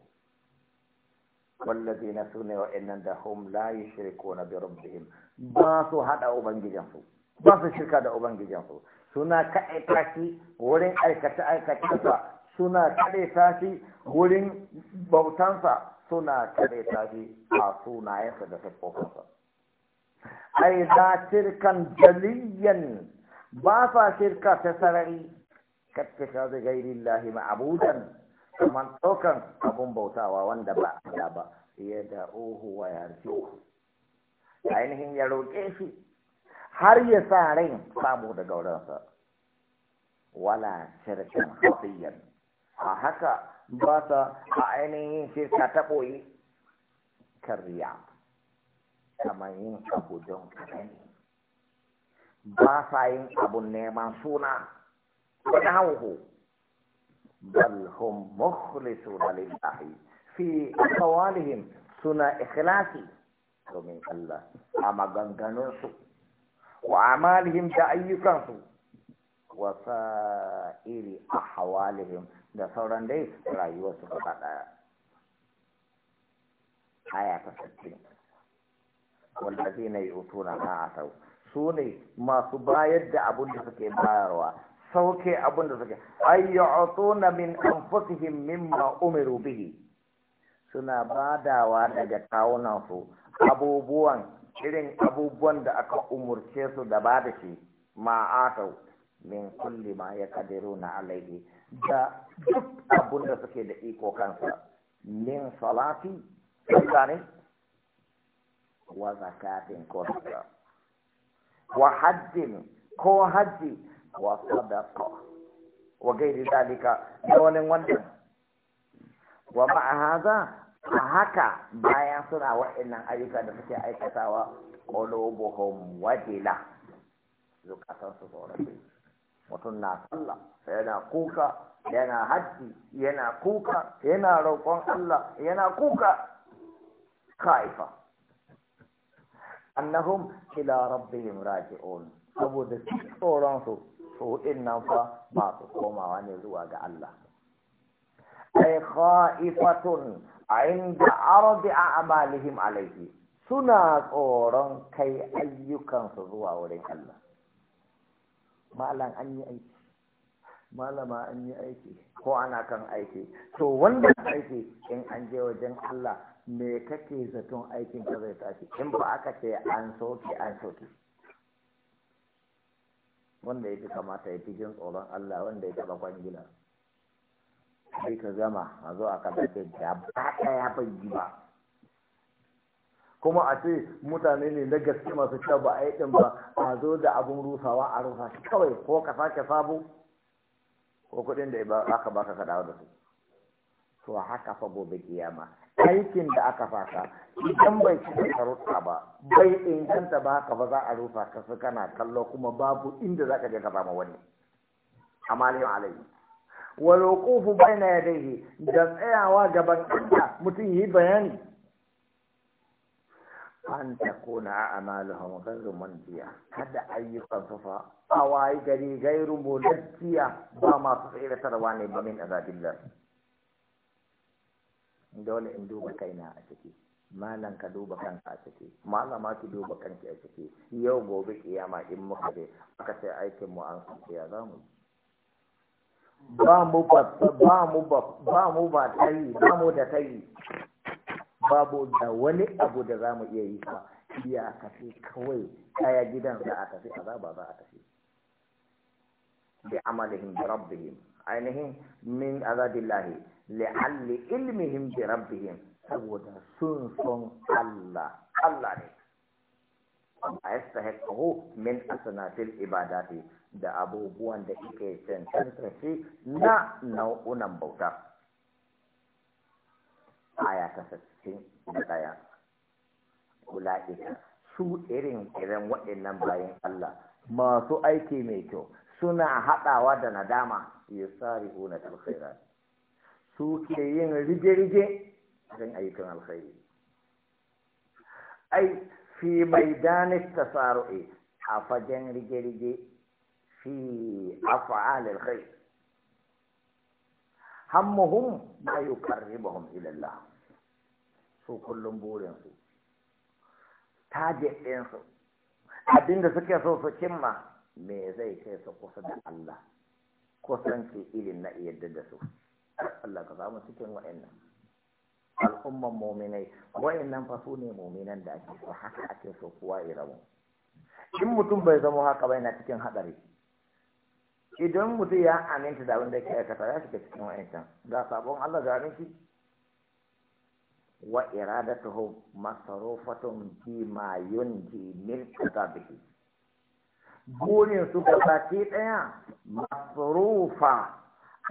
والذين سنوا إن لا يشركون بربهم باسوا هذا أبنجي جنسوا ba su shirka da ubangijinsu suna kaɗe tashi wurin aikace aikacensa suna kaɗe tashi wurin bautansa suna kaɗe tashi a sunayensa da siffofinsa ai da shirkan jaliyan ba sa shirka ta sarari kattaka da Gairi lahi ma'abudan kamar ɗaukan abun bautawa wanda ba a ba ya da ya wa yarfi ainihin ya roƙe shi har ya sa rai samu da wurinsa wala shirkin hafiyan a haka ba ta a ainihin shirka ta ɓoye karya kamar yin abu don ba sa yin abun neman suna wani hauhu bal hum mukhlisuna lillahi fi aqwalihim suna ikhlasi domin Allah a maganganunsu wa amalihim da ayyukansu wa sa'iri ahwalihim da sauran dai rayuwarsu gaba daya aya ta sittin wallazina yu'tuna ma su ne masu bayar da abun da suke bayarwa sauke abun da suke ayyu'tuna min anfusihim mimma umiru bihi suna badawa daga kawunansu abubuwan irin abubuwan da aka umurce su da ba da shi ma'atau min kulli ma ya kadiru na alaihi da duk abun da suke da iko kansa min salati tsakani wa zakatin ko wa hajjin ko hajji wa sadaqa wa gairi dalika da wani wannan wa ma'a haza a haka bayan suna wa'annan ayyuka da suke aikatawa qulubuhum wajila zukatan su tsorafi mutum na sallah yana kuka yana hajji yana kuka yana roƙon Allah yana kuka kaifa annahum ila rabbihim raji'un saboda tsoron su su nan fa ba su komawa ne zuwa ga Allah ai kha'ifatun a inda aradi a amalihim alaihi suna tsoron kai ayyukansu zuwa wurin Allah malam an yi aiki malama an yi aiki ko ana kan aiki to wanda aiki in an je wajen Allah me kake zaton aikin ka zai tashi in ba aka ce an soke an soke wanda ya kamata ya fi jin tsoron Allah wanda ya taɓa kwangila sai ka zama a zo a kada da ba ɗaya ban ji ba kuma a ce mutane ne na gaske masu cewa ba a yi ɗin ba a zo da abin rusawa a rusa kawai ko ka sake sabo ko kuɗin da aka baka ka dawo da su to haka fa gobe kiyama aikin da aka fasa, idan bai ci rusa ba bai inganta ba haka ba za a rufa ka kana kallo kuma babu inda za ka je ka samu wani amalin alaihi wa yuqufu ya yi. da tsayawa gaban Allah mutum yi bayani an takuna a'maluhum zuman biya kada ayyukan sufa a wayi gari gairu mudaddiya ba masu tsiratarwa ne ba min azabillah dole in duba kaina a ciki malam ka duba kanka a ciki malama ki duba kanki a ciki yau gobe kiyama in muka ce, aka sai aikinmu mu an ya zamu yi ba mu ba ba mu ba mu da tayi ba mu da babu da wani abu da zamu iya yi ba iya kafi kawai kaya gidan za a tafi ba za a tafi bi amalihim bi rabbihim ainihin min azabillahi li'alli ilmihim bi rabbihim saboda sun son Allah Allah ne a yastahiqu min asnatil ibadati da abubuwan da ike cancanta shi na nau'unan bauta aya ta sassin da ɗaya ita su irin irin waɗannan bayan Allah masu aiki mai kyau suna haɗawa da nadama ya tsari una tafaira su ke yin rige-rige don ayyukan alkhairi ai fi mai danis tasaru'i a fagen rige-rige fi af'alil khair hammuhum ma yuqarribuhum ila Allah su kullum burin su target ɗin su abinda suke so su cimma me zai kai su kusa da Allah kusanci irin na yadda da su Allah ka samu cikin wa'annan al'umman muminai wa'annan fa su ne muminan da ake so haka ake so kowa ya rabu in mutum bai zama haka ba yana cikin hadari idan mutum ya aminta da abin da yake aikata ya shiga cikin wa'ancan ga sabon Allah ga aminci wa iradatuhu masarufatun bi ma yunji min azabihi burin su gabaki daya masarufa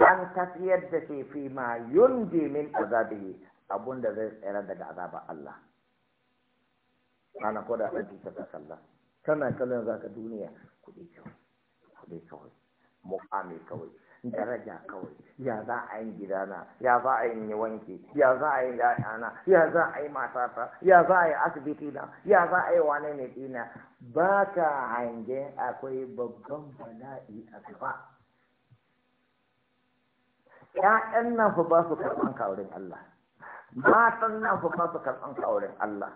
an tafiyar da shi fi ma yunji min azabihi abun da zai tsira daga azaba Allah ana koda ɗan cutar da sallah kana kallon zaka duniya kuɗi kyau kuɗi kyau mukami kawai daraja kawai ya za a yi gidana ya za a yi wanki ya za a yi ya'yana ya za a yi matata ya za a yi asibiti na ya za a yi wane ne dina ba ka hangen akwai babban bala'i a gaba Ya'yan nan fa ba su karɓan kaurin Allah matan nan fa ba su karɓan kaurin Allah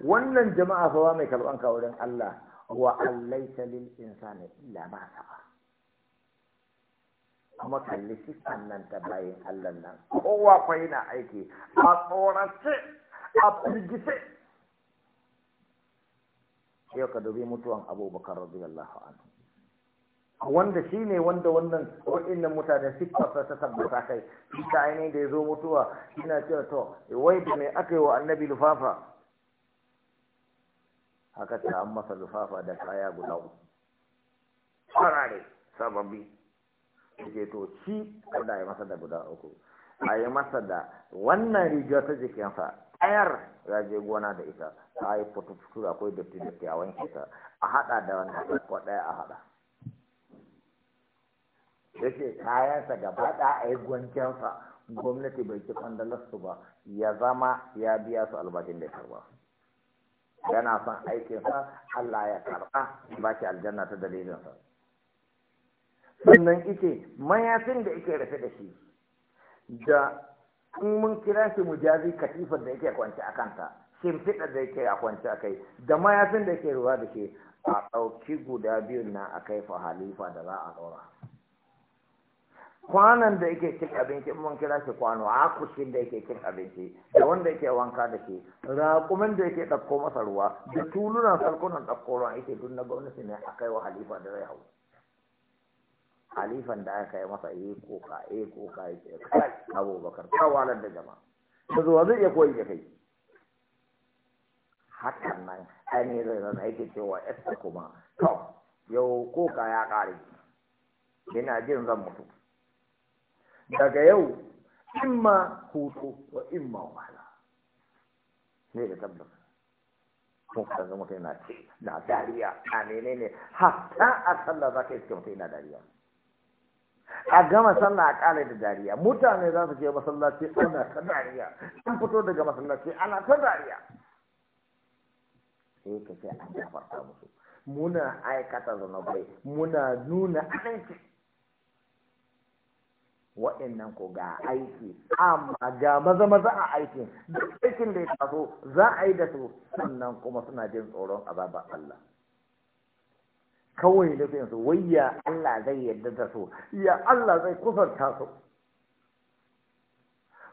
wannan jama'a fa ba mai karɓan kaurin Allah wa allaita lil insani illa ma sa'a kuma kalli sistan nan ta bayan Allah nan kowa kwa yana aiki a tsorace a firgice yau ka dubi mutuwan abubakar radiyallahu anhu wanda shi ne wanda wannan nan mutane siffarsa ta tabbata kai ta aini da ya zo mutuwa ina cewa to wai da mai aka yi wa annabi lufafa haka ta an masa lufafa da kaya guda farare sababi yake to shi Allah ya masa da guda uku a yi masa da wannan riga ta jikinsa ɗayar ya je gona da ita ta yi fito akwai datti datti a wanke ta a haɗa da wannan ko ɗaya a haɗa yake kayansa gaba ɗaya a yi gwancensa gwamnati bai ci kwandalarsu ba ya zama ya biya su albashin da ya karba yana son aikinsa Allah ya karɓa ba ki aljanna ta dalilinsa sannan ita mayafin da ike rufe da shi da in mun kira shi mujazi katifar da yake kwance a kanta shimfiɗa da yake a kwance a kai da mayafin da yake ruwa da shi a ɗauki guda biyu na a kai fa halifa da za a ɗora kwanan da yake cin abinci mun kira shi kwano kushin da yake cin abinci da wanda yake wanka da shi raƙumin da yake ɗauko masa ruwa da tulunan salkunan ɗauko ruwa, ita duk na gwamnati ne a kai wa halifa da zai hau halifan da aka yi masa yi eh, koka yi eh, koka yi ce kai abubakar kawalar da jama'a ta zuwa zai iya koyi da kai hakan nan ainihin zai zana yake cewa esta kuma to yau koka ya ƙare yana jin zan mutu daga yau imma hutu wa imma wahala ne da tabbata sun zama mutum yana ce na dariya a menene hatta a sallah za ka iske mutum yana dariya a gama sallah a ƙara da dariya mutane za su je masallaci ana ta dariya an fito daga masallaci ana ta dariya sai ka ce an gafarta musu muna aikata zunubai muna nuna aminci wa'annan ko ga aiki amma ga maza maza a aikin duk aikin da ya taso za a yi da su sannan kuma suna jin tsoron azabar Allah kawai nufinsu wai ya Allah zai yadda da su ya Allah zai kusanta su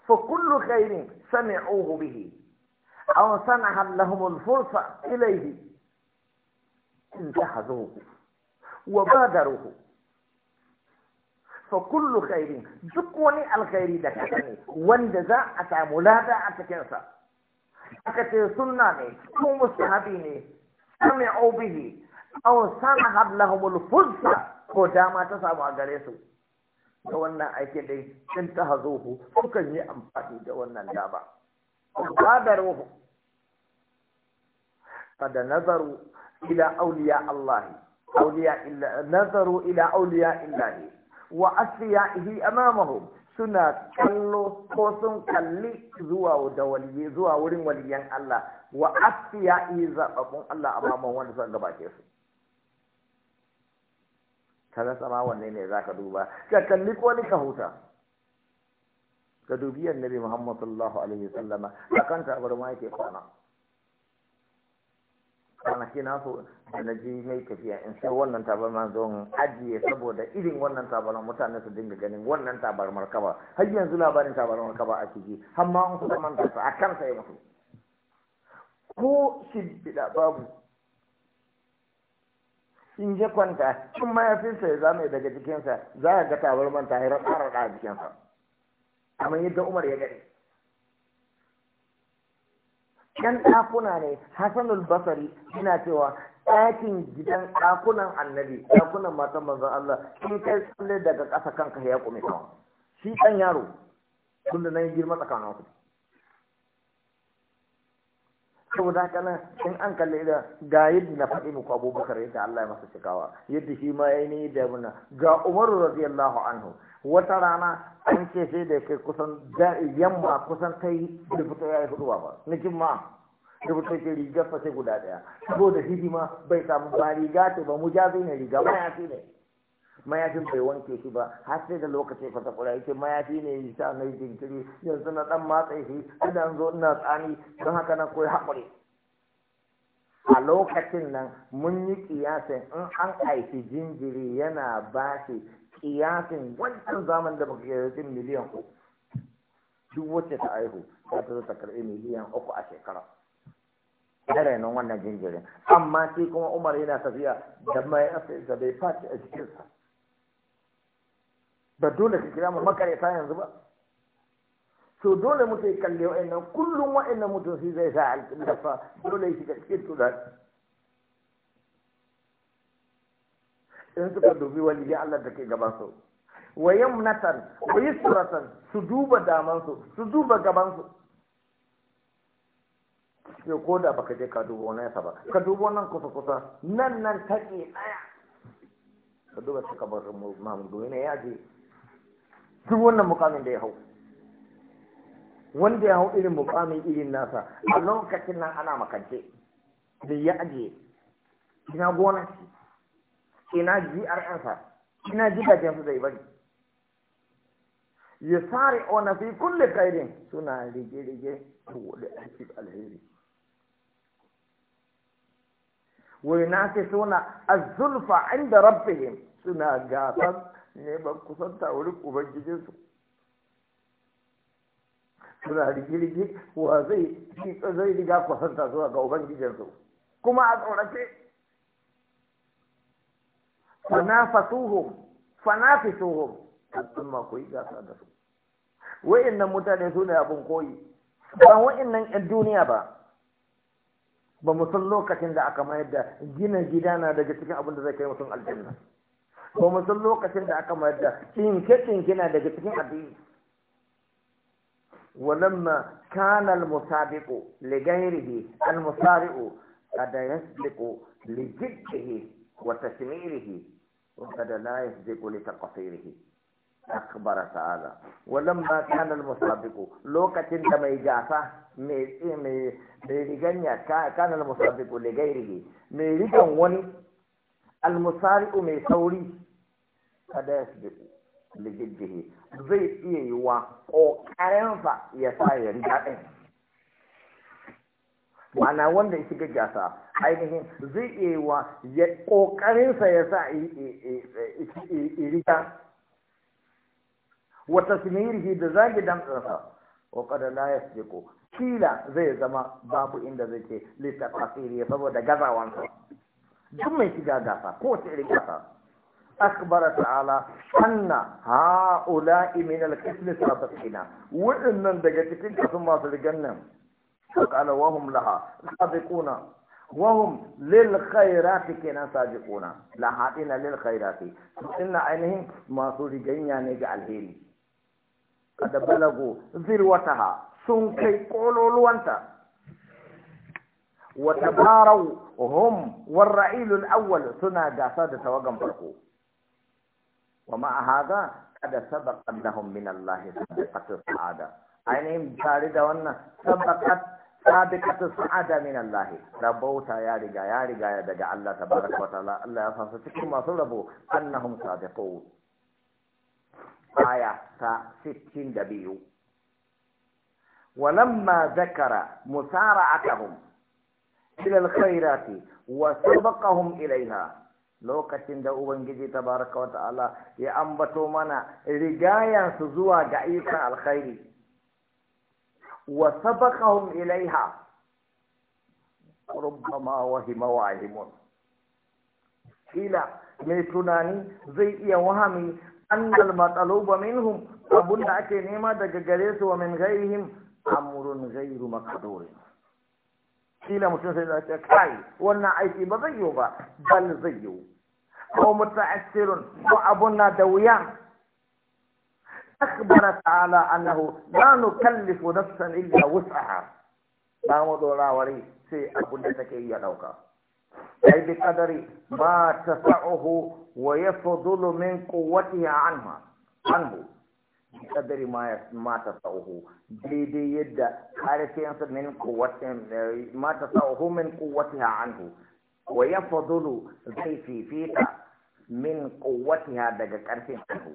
fa kullu khairin sami'uhu bihi aw sanaha lahum al-fursa ilayhi intahazuhu wa badaruhu fa kullu khairin duk wani alkhairi da kake ne wanda za a samu lada a cikin sa aka ce sunna ne ko mustahabi ne sami'u bihi aw sanahat lahumul Fursa ko dama ta samu a gare su da wannan aiki dai sun ta hazuhu sukan yi amfani da wannan dama qadaruhu kada nazaru ila awliya Allah awliya illa nazaru illa wa asfiyaihi amamahum suna kallo ko sun kalli zuwa da waliyi zuwa wurin waliyan Allah wa asfiyaihi zababun Allah amamahum wanda zan gabace su ka rasa sama wanne ne za ka duba ka kalli ko ni ka huta ka dubi annabi muhammad sallallahu alaihi wasallama akan tabarma yake kwana kwanaki na so da na ji mai tafiya in sai wannan tabarma zon ajiye saboda irin wannan tabarma mutane su dinga ganin wannan tabarmar kaba har yanzu labarin tabarmar kaba a ciki har ma an zaman manta a kan ya mutu ko shimfiɗa babu in je kwanta cin mayafinsa ya zame daga jikinsa za a ga tawar manta ya tsara a jikinsa amma yadda umar ya gani can ɗakuna ne hasanul basari yana cewa ɗakin gidan ɗakunan annabi ɗakunan matan manzon Allah in kai tsalle daga ƙasa kanka ya kume kawai shi ɗan yaro tun da na yi girma tsakanin wasu saboda haka nan in an kalli da ga yadda na faɗi muku abubakar yadda Allah ya masa cikawa yadda shi ma ya ne da muna ga umaru radiyallahu anhu wata rana an ce sai da kai kusan yamma kusan ta yi da fito ya yi huduwa ba na jimma da fito ke rigar fashe guda ɗaya saboda hidima bai samu ba riga ce ba mujazi ne riga ba ya ce ne mayafin bai wanke shi ba har sai da lokacin fata kura yake mayafi ne ya sa mai jinkiri yanzu na dan matsayi shi idan zo ina tsani don haka na koyi haƙuri a lokacin nan mun yi kiyasin in an aiki jinjiri yana ba shi kiyasin wancan zaman da muka yi miliyan uku duk wacce ta aihu Ta ta ta karɓi miliyan uku a shekara na renon wannan jinjirin amma sai kuma umar yana tafiya da mai da bai faci a jikinsa ba dole ka kira mu makareta yanzu ba to dole muke kalle wa'annan kullum wa'annan mutum shi zai sa alƙibla fa dole shi cikin tunani in suka dubi ya Allah da ke gaban su wa yamnatan wa yusratan su duba daman su su duba gaban su yau ko da baka je ka dubo na yasa ba ka dubo nan kusa kusa nan nan take tsaya ka duba suka bar mu mamudu ne ya je duk wannan mukamin da ya hau wanda ya hau irin mukamin irin nasa a lokacin nan ana makance da ya ajiye ina gona ina grn sa ina gidajen su zai bari ya sare ona fi kulle kairin suna rige-rige da aiki alheri wai na ce suna azulfa inda rabbihim suna gasar neman kusanta wurin ubangijinsu suna rigirgi wa zai zai riga kusanta zuwa ga ubangijinsu kuma a tsorace fanafasuhum fanafisuhum al'umma ku yi gasa da su wa'annan mutane su ne abin koyi ba wa'annan 'yan duniya ba ba mu san lokacin da aka mayar da gina gida na daga cikin abin da zai kai mutum aljanna ko musul lokacin da aka mayar da tsinke-tsinke na daga cikin addini wannan ma kan al-musabiqu li ghayrihi al-musabiqu qad yasbiqu li jiddihi wa tasmirihi wa qad la yasbiqu li taqsirihi akbar ta'ala walamma kana al-musabiqu lokacin da mai gasa mai mai mai rigan ya kana al-musabiqu li ghayrihi mai rigan wani al-musari'u mai sauri kadas ya sadiku lijiddihi zai iya yi wa fa ya sa ya riga ɗin ma'ana wanda ya shiga gasa ainihin zai iya yi wa sa ya sa ya riga wata sinirihi da zagi damtsansa kada la ya ko. kila zai zama babu inda zai ce littattafiri saboda gazawansa duk mai shiga gasa ko wace irin gasa أخبر تعالى أن هؤلاء من القسم سابقين وإن من دقتك ثم في الجنة قال وهم لها سابقون وهم للخيرات كنا سابقون لها إن للخيرات إن عينهم ما سورجين يعني جعل هيلي قد بلغوا ذروتها سنكي قولوا لوانتا وتباروا هم والرعيل الأول سنة جاسد توقم فرقوا ومع هذا قد سبق انهم من الله سابقه السعاده اين امتارد وانا سبقت سابقه السعاده من الله ربوت يا رجا يا رجا يا دجا الله تبارك وتعالى الله فصدقكم وصلبوا انهم صادقون آية ستين دبيو ولما ذكر مسارعتهم إلى الخيرات وسبقهم إليها lokacin da ubangiji tabaraka wa ta'ala ya ambato mana rigayan su zuwa ga ikon alkhairi wa sabaqahum ilaiha rubbama wahima wahimun kila mai tunani zai iya wahami annal matsaluba minhum abunda ake nema daga gare su wa min ghairihim amrun gairu maqdurin كيلا متنسي ذاك كاي ولنا عيسي بضيوبا بل ضيو أو متعسر وأبونا دويا أخبر تعالى أنه لا نكلف نفسا إلا وسعها لا مضو لا ولي سي أبونا تكي لوكا أي بقدر ما تسعه ويفضل من قوتها عنها عنه, عنه. kadari mata ta sa'uhu daidai yadda karfiyansa min kuwatin mata sa'uhu min kuwatiha anhu wa yafdulu zai fifita min kuwatiha daga karfin anhu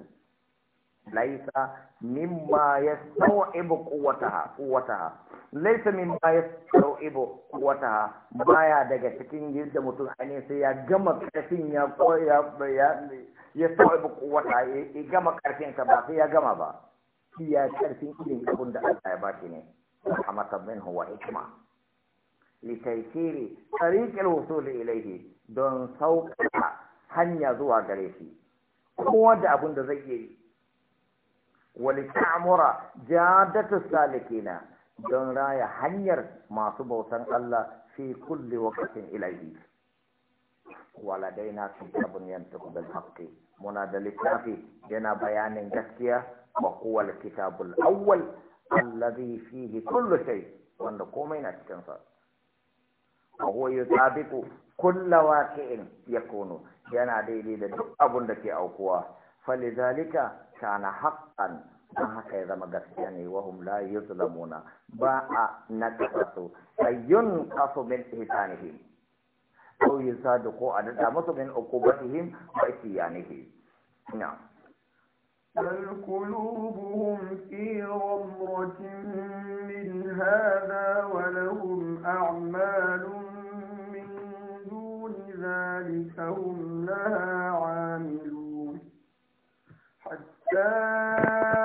laisa mimma yastawibu quwwataha quwwataha laisa mimma yastawibu quwwataha baya daga cikin yadda mutum ne sai ya gama karfin ya ya ya yastawibu quwwataha ya gama karfin ka ba sai ya gama ba shi ya karfin irin abin da Allah ya ba shi ne rahmatan minhu wa hikma litaysiri tariqil wusul ilayhi don sauƙaƙa hanya zuwa gare shi kowa da abin da zai yi walitamura jadatu salikina don raya hanyar masu bautan Allah fi kulli waqtin ilahi waladaina kitabun yantahu bil haqqi muna da littafi yana bayanin gaskiya wa huwa kitabul awwal alladhi fihi kullu shay wanda komai na cikin sa wa huwa yutabiqu kullu waqi'in yakunu yana daidai da duk abun ke aukuwa falizalika كان حقا هكذا ما يعني وهم لا يظلمون باء نكسة فينقص من إحسانهم أو يصادق أدامة من عقوبتهم وإتيانهم نعم بل قلوبهم في غمرة من هذا ولهم أعمال من دون ذلك هم لها عاملون حتى